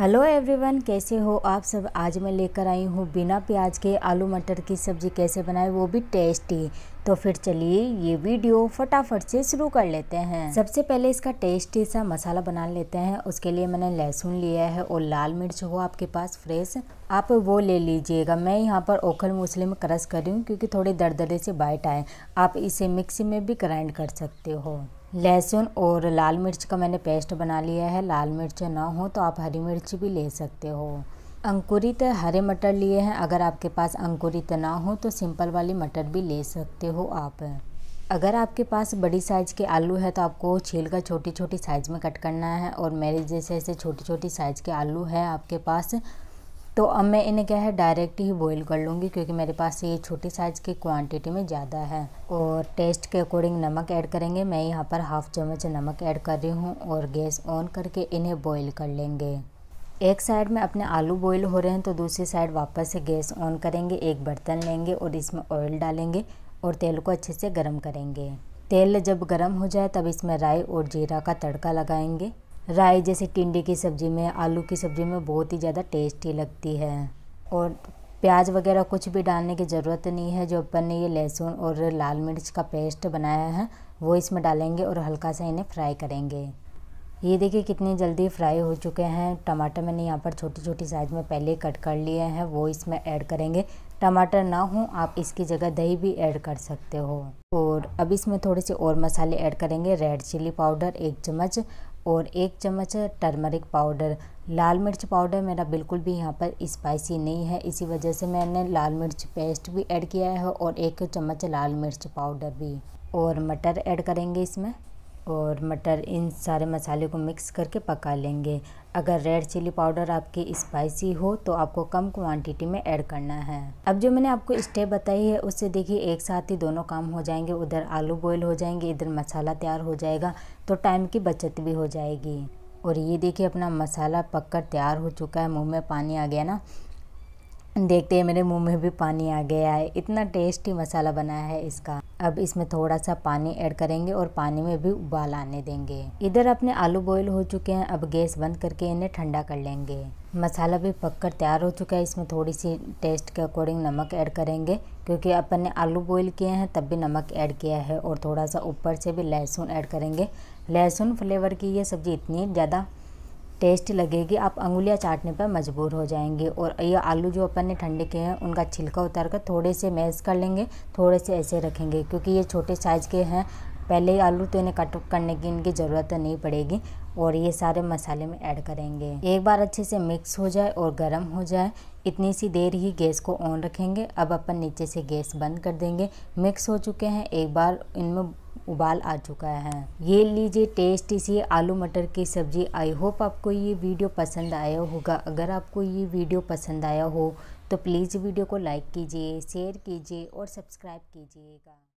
hello everyone कैसे हो आप सब आज मैं लेकर आई हूँ बिना प्याज के आलू मटर की सब्ज़ी कैसे बनाए वो भी टेस्टी तो फिर चलिए ये वीडियो फटाफट से शुरू कर लेते हैं सबसे पहले इसका टेस्टी सा मसाला बना लेते हैं उसके लिए मैंने लहसुन लिया है और लाल मिर्च हो आपके पास फ्रेश आप वो ले लीजिएगा मैं यहाँ पर ओखल मूसले में क्रश कर रही हूँ क्योंकि थोड़े दर से बाइट आए आप इसे मिक्सी में भी ग्राइंड कर सकते हो लहसुन और लाल मिर्च का मैंने पेस्ट बना लिया है लाल मिर्च ना हो तो आप हरी मिर्च भी ले सकते हो अंकुरित हरे मटर लिए हैं अगर आपके पास अंकुरित ना हो तो सिंपल वाली मटर भी ले सकते हो आप अगर आपके पास बड़ी साइज़ के आलू है तो आपको छील का छोटी छोटी साइज़ में कट करना है और मेरे जैसे ऐसे छोटी छोटी साइज़ के आलू है आपके पास तो अब मैं इन्हें क्या है डायरेक्ट ही बॉईल कर लूँगी क्योंकि मेरे पास ये छोटी साइज़ की क्वांटिटी में ज़्यादा है और टेस्ट के अकॉर्डिंग नमक ऐड करेंगे मैं यहाँ पर हाफ़ चम्मच नमक ऐड कर रही हूँ और गैस ऑन करके इन्हें बॉईल कर लेंगे एक साइड में अपने आलू बॉईल हो रहे हैं तो दूसरी साइड वापस से गैस ऑन करेंगे एक बर्तन लेंगे और इसमें ऑयल डालेंगे और तेल को अच्छे से गर्म करेंगे तेल जब गर्म हो जाए तब इसमें राई और जीरा का तड़का लगाएंगे राई जैसे टिंडे की सब्ज़ी में आलू की सब्ज़ी में बहुत ही ज़्यादा टेस्टी लगती है और प्याज वगैरह कुछ भी डालने की ज़रूरत नहीं है जो अपन ने ये लहसुन और लाल मिर्च का पेस्ट बनाया है वो इसमें डालेंगे और हल्का सा इन्हें फ्राई करेंगे ये देखिए कितनी जल्दी फ्राई हो चुके हैं टमाटर मैंने यहाँ पर छोटी छोटी साइज़ में पहले कट कर लिए हैं वो इसमें ऐड करेंगे टमाटर ना हो आप इसकी जगह दही भी ऐड कर सकते हो और अब इसमें थोड़े से और मसाले ऐड करेंगे रेड चिली पाउडर एक चम्मच और एक चम्मच टर्मरिक पाउडर लाल मिर्च पाउडर मेरा बिल्कुल भी यहाँ पर स्पाइसी नहीं है इसी वजह से मैंने लाल मिर्च पेस्ट भी ऐड किया है और एक चम्मच लाल मिर्च पाउडर भी और मटर ऐड करेंगे इसमें और मटर इन सारे मसाले को मिक्स करके पका लेंगे अगर रेड चिली पाउडर आपकी स्पाइसी हो तो आपको कम क्वांटिटी में ऐड करना है अब जो मैंने आपको स्टेप बताई है उससे देखिए एक साथ ही दोनों काम हो जाएंगे उधर आलू बॉयल हो जाएंगे इधर मसाला तैयार हो जाएगा तो टाइम की बचत भी हो जाएगी और ये देखिए अपना मसाला कर तैयार हो चुका है मुँह में पानी आ गया ना देखते हैं मेरे मुँह में भी पानी आ गया है इतना टेस्टी मसाला बना है इसका अब इसमें थोड़ा सा पानी ऐड करेंगे और पानी में भी उबाल आने देंगे इधर अपने आलू बॉईल हो चुके हैं अब गैस बंद करके इन्हें ठंडा कर लेंगे मसाला भी पककर तैयार हो चुका है इसमें थोड़ी सी टेस्ट के अकॉर्डिंग नमक ऐड करेंगे क्योंकि अपन ने आलू बॉईल किए हैं तब भी नमक ऐड किया है और थोड़ा सा ऊपर से भी लहसुन ऐड करेंगे लहसुन फ्लेवर की ये सब्ज़ी इतनी ज़्यादा टेस्ट लगेगी आप अंगुलियाँ चाटने पर मजबूर हो जाएंगे और ये आलू जो अपन ने ठंडे किए हैं उनका छिलका उतार कर थोड़े से मैश कर लेंगे थोड़े से ऐसे रखेंगे क्योंकि ये छोटे साइज़ के हैं पहले ही आलू तो इन्हें कट करने की इनकी ज़रूरत नहीं पड़ेगी और ये सारे मसाले में ऐड करेंगे एक बार अच्छे से मिक्स हो जाए और गर्म हो जाए इतनी सी देर ही गैस को ऑन रखेंगे अब अपन नीचे से गैस बंद कर देंगे मिक्स हो चुके हैं एक बार इनमें उबाल आ चुका है ये लीजिए टेस्टी सी आलू मटर की सब्ज़ी आई होप आपको ये वीडियो पसंद आया होगा अगर आपको ये वीडियो पसंद आया हो तो प्लीज़ वीडियो को लाइक कीजिए शेयर कीजिए और सब्सक्राइब कीजिएगा